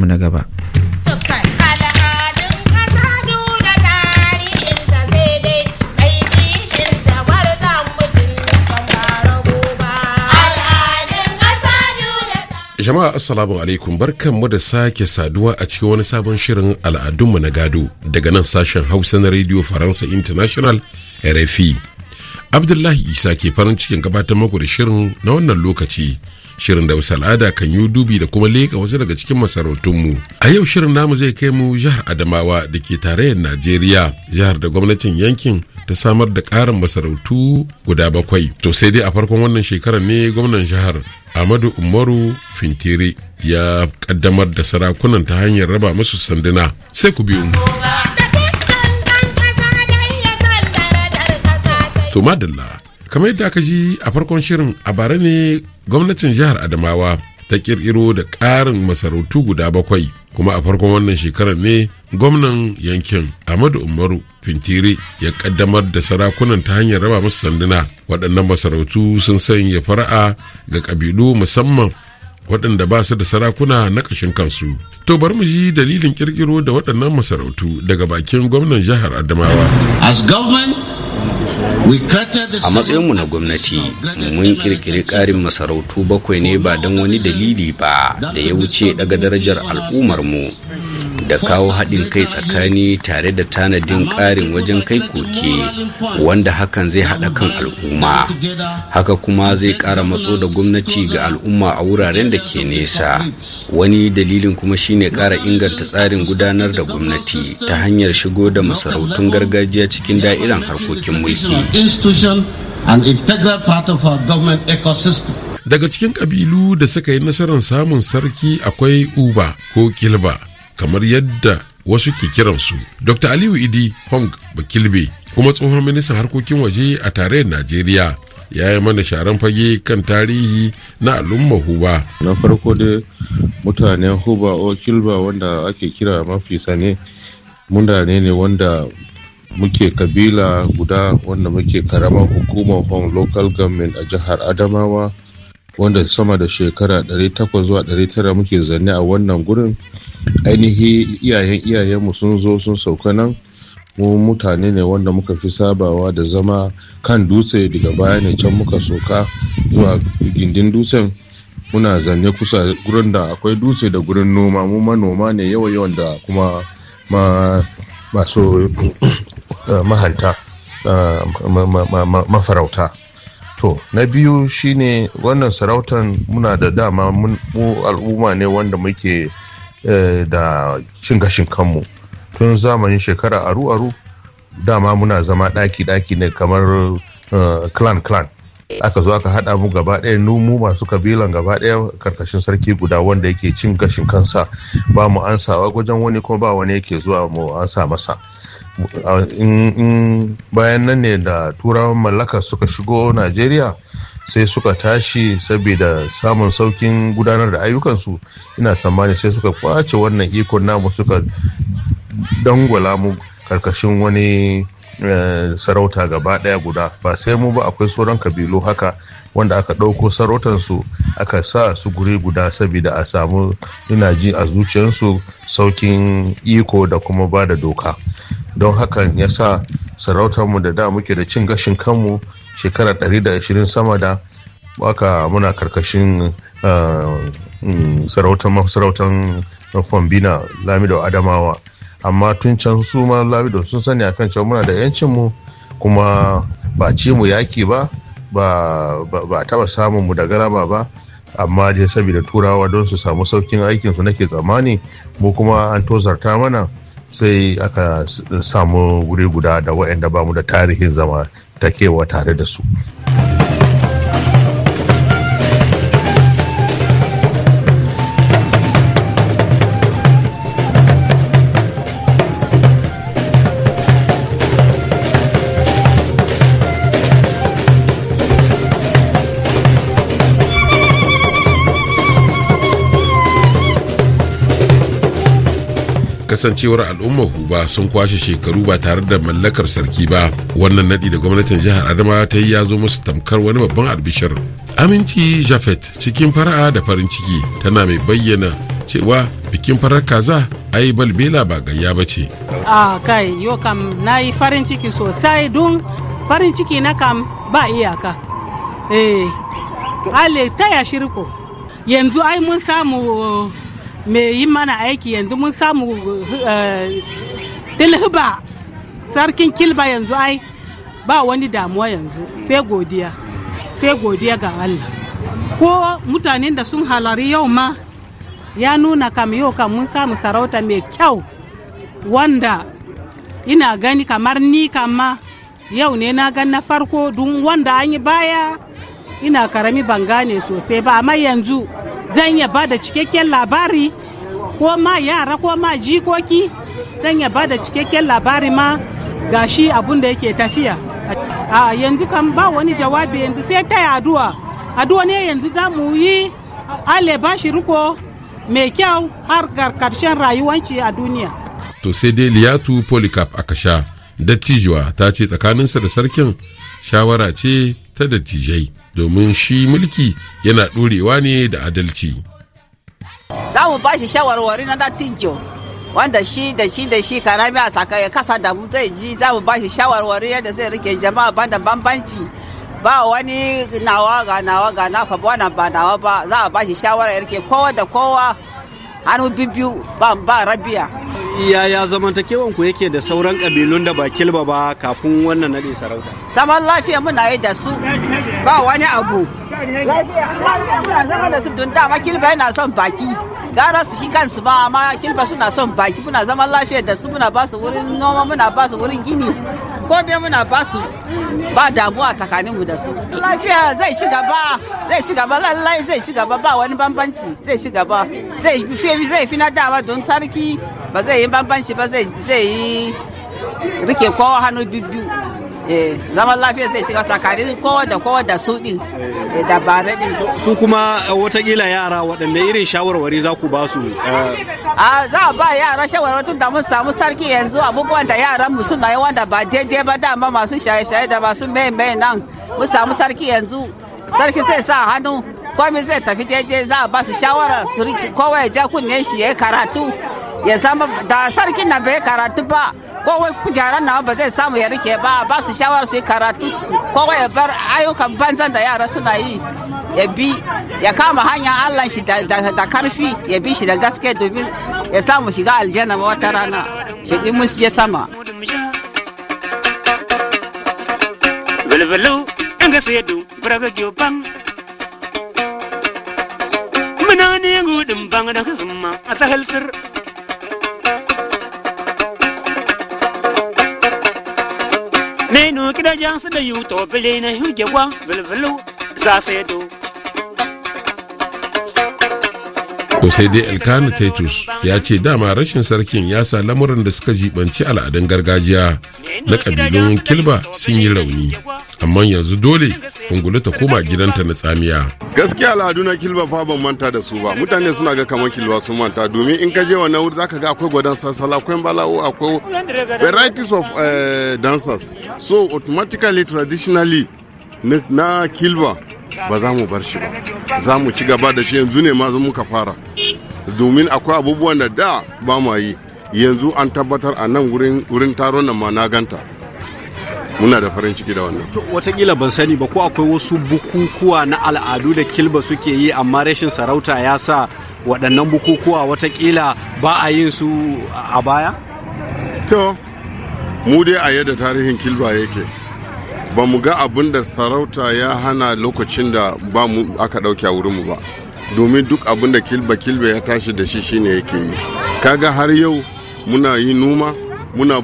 mu na gaba. Jama'a Assalamu alaikum barkanmu da sake saduwa a cikin wani sabon shirin al'adunmu na gado daga nan sashen Hausa na Radio Faransa International RFI. Abdullahi Isa ke farin cikin gabatar muku da shirin na wannan lokaci shirin da al'ada kan yi dubi da kuma leka wasu daga cikin masarautunmu a yau shirin namu zai kai mu jihar adamawa da ke tarayyar najeriya jihar da gwamnatin yankin ta samar da ƙarin masarautu guda bakwai to sai dai a farkon wannan shekarar ne gwamnan jihar amadu umaru fintiri ya kaddamar da sarakunan ta hanyar raba musu sanduna sai ku biyu to madalla kamar yadda aka ji a farkon shirin a bara ne gwamnatin jihar adamawa ta kirkiro da ƙarin masarautu guda bakwai kuma a farkon wannan shekarar ne gwamnan yankin ahmadu umaru fintiri ya kaddamar da sarakunan ta hanyar raba musu sanduna waɗannan masarautu sun sanya fara'a ga ƙabilu musamman waɗanda ba su da sarakuna na ƙashin kansu to bar mu ji dalilin kirkiro da waɗannan masarautu daga bakin gwamnan jihar adamawa a matsayinmu na gwamnati mun kirkiri ƙarin masarautu bakwai ne ba don wani dalili ba da ya wuce daga darajar al'ummarmu da kawo haɗin kai tsakani tare da tanadin ƙarin wajen kai koke wanda hakan zai haɗa kan al'umma haka kuma zai ƙara matso da gwamnati ga al'umma a wuraren da ke nesa wani dalilin kuma shine ƙara inganta tsarin gudanar da gwamnati ta hanyar shigo da masarautun gargajiya cikin da'iran harkokin mulki daga cikin ƙabilu da suka yi nasarar samun sarki akwai uba ko kilba kamar yadda wasu ke kiransu dr aliyu idi hong bakilbe kuma tsohon ministan harkokin waje a tarayyar najeriya ya yi mana sharan fage kan tarihi na al'umma huba na farko dai mutanen huba o kilba wanda ake kira mafi sane mutane ne wanda muke kabila guda wanda muke karama hukumar hong local government a jihar adamawa wanda sama da shekara 800 zuwa 900 muke zanne a wannan gurin ainihi iyayen iyayenmu sun zo sun sauka nan mu mutane ne wanda muka fi sabawa da zama kan dutse daga baya ne can muka soka zuwa gindin dutsen muna zanne kusa gurin da akwai dutse da gurin noma mu manoma ne yawan yawan da kuma masu eh, mahanta eh, mafarauta to na biyu shine wannan sarautan muna da dama mu al'umma ne wanda muke eh, da cin gashin kanmu tun zamanin shekara aru-aru dama muna zama ɗaki-ɗaki ne kamar clan-clan eh, aka zo aka haɗa mu gaba ɗaya mu masu kabilan gaba ɗaya karkashin sarki guda wanda yake cin gashin kansa ba mu ansawa wajen wani kuma ba wani yake zuwa mu ansa masa in bayan nan ne da turawan mallaka suka shigo najeriya sai suka tashi saboda samun saukin gudanar da ayyukansu ina tsammani sai suka kwace wannan ikon namu suka dangwala mu karkashin wani eh, sarauta gaba daya guda ba sai mu ba akwai sauran kabilu haka wanda aka ɗauko sarautansu aka sa su guri guda saboda a samu ina ji a zuciyarsu saukin iko da kuma ba da doka don hakan ya sa sarautarmu da da muke da cin gashin kanmu shekara 120 sama da baka muna karkashin eh, mm, sarautar masarautar fombina lamido adamawa amma tun can su ma lamido sun sani a kan cewa muna da yancinmu kuma ba ci mu yaki ba ba taba samun mu da garaba ba amma dai saboda turawa don su samu saukin aikinsu nake tsammani mu kuma an tozarta mana sai aka samu wuri guda da waɗanda ba mu da tarihin zama takewa tare da su. kasancewar al'ummar guba sun kwashe shekaru ba tare da mallakar sarki ba wannan nadi da gwamnatin jihar adama ta yi ya zo musu tamkar wani babban albishir aminci jafet cikin fara'a da farin ciki tana mai bayyana cewa bikin farar kaza ai balbela ba gayya ba ce ah kai yo kam na yi farin ciki sosai don farin ciki na kam ba iyaka eh ale taya shirko yanzu ai mun samu mai yi mana aiki yanzu mun samu eh, tilhiba sarkin kilba yanzu ai ba wani damuwa yanzu sai godiya sai godiya ga Allah ko mutanen da sun halari yau ma ya nuna kam yau kam mun samu sarauta mai kyau wanda ina gani kamar ni kama yau ne na gan na farko dun wanda an yi baya ina karami ban gane sosai ba amma yanzu zan ya ba da cikakken labari ko ma yara ko ma jikoki zan ya ba da cikakken labari ma ga shi abun da yake tafiya a yanzu kan ba wani jawabi yanzu sai ta yaduwa aduwa ne yanzu za mu yi ale ba shi riko mai kyau har karshen rayuwanci a duniya to sai dai liyatu polycap polycarp akasha dattijuwa ta ce tsakaninsa da sarkin shawara ce ta dattijai domin shi mulki yana ɗorewa ne da adalci. Za mu ba shi shawarwari na dattijo wanda shi da shi da shi karami a sakaya kasa da mu zai ji za mu ba shi shawarwari yadda zai rike jama'a banda bambanci ba wani nawa ga nawa ga na ba wannan ba nawa ba za a ba shi shawara yarke kowa da kowa hannu bibiyu ba rabiya. yaya zamantakewan ku yake da sauran kabilun da ba kilba ba kafin wannan naɗin sarauta zaman lafiya muna yi da su ba wani abu lafiya kilba yana son baki gara su shi kansu ba amma kilba suna son baki muna zaman lafiya da su muna ba su wurin noma muna ba su wurin gini komai muna ba su ba damuwa tsakanin mu da su lafiya zai shiga ba zai shiga ba lallai zai shiga ba ba wani bambanci zai shiga ba zai zai fi na dama don sarki ba zai yi bambanci ba zai yi rike kowa hannu biyu Eh, zaman lafiya zai shiga tsakanin kowa da kowa da su din eh, dabarai din su kuma eh, watakila yara waɗanda irin shawarwari za ku ba su a ah, za a ba yara shawarwari tun da mun samu sarki yanzu abubuwan da yaran mu suna yawan da ba daidai ba dama masu shaye-shaye da masu mai-mai nan mun samu sarki yanzu sarki zai sa hannu komai zai tafi daidai za a ba su shawara su kowa ya ja kunne shi ya karatu ya zama da sarki na bai karatu ba kowe kujara na ba zai samu ya rike ba ya, ba su shawara su yi karatu kowe ya bar kan banzan da yara suna yi ya bi ya kama hanya allah shi da karfi ya bi shi da gaske domin ya samu shiga aljanna wata rana shi ya, mun je sama bilbilu in ga sai du braga gyoban muna ne gudun bang da kuma a sahaltar menu kida jansu da yu to bile na huge gwan bilbilu za sai do to sai dai elkanu titus ya ce dama rashin sarkin ya sa lamuran da suka jibanci al'adun gargajiya na kabilun kilba sun yi rauni amma yanzu dole ungulu ta koma gidanta na tsamiya gaskiya al'adu na kilba fa ban manta da su ba mutane suna ga kamar kilba sun manta domin in ka je wannan wuri zaka ga akwai gwadon sassala akwai bala'o akwai varieties of uh, dancers so automatically traditionally na kilba ba za mu bar shi ba za mu ci gaba da shi yanzu ne ma muka fara domin akwai abubuwan da da ba mu yi yanzu an tabbatar a nan wurin taron nan ma na ganta muna da farin ciki da wannan watakila ban sani ba ko akwai wasu bukukuwa na al'adu da kilba suke yi amma rashin sarauta ya sa waɗannan bukukuwa watakila ba a yin su a baya to mu dai a yadda tarihin kilba yake ba mu ga abin da sarauta ya hana lokacin da ba mu aka ɗauke a wurinmu ba domin duk abin da kilba kilba ya tashi da shi shine yake yi kaga har yau muna yi noma muna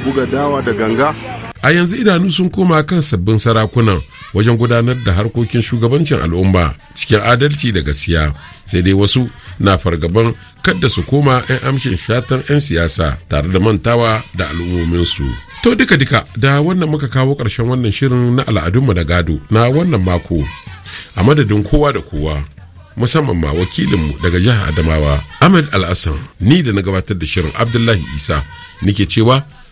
buga dawa da ganga a yanzu idanu sun koma kan sabbin sarakunan wajen gudanar da harkokin shugabancin al'umma cikin adalci da gaskiya sai dai wasu na fargaban kadda su koma 'yan amshin shatan 'yan siyasa tare da mantawa da al'ummominsu to duka duka da wannan muka kawo ƙarshen wannan shirin na al'adunmu da gado na wannan mako a madadin kowa da kowa musamman ma wakilinmu daga jihar adamawa ahmed al-assan ni da na gabatar da shirin abdullahi isa nike cewa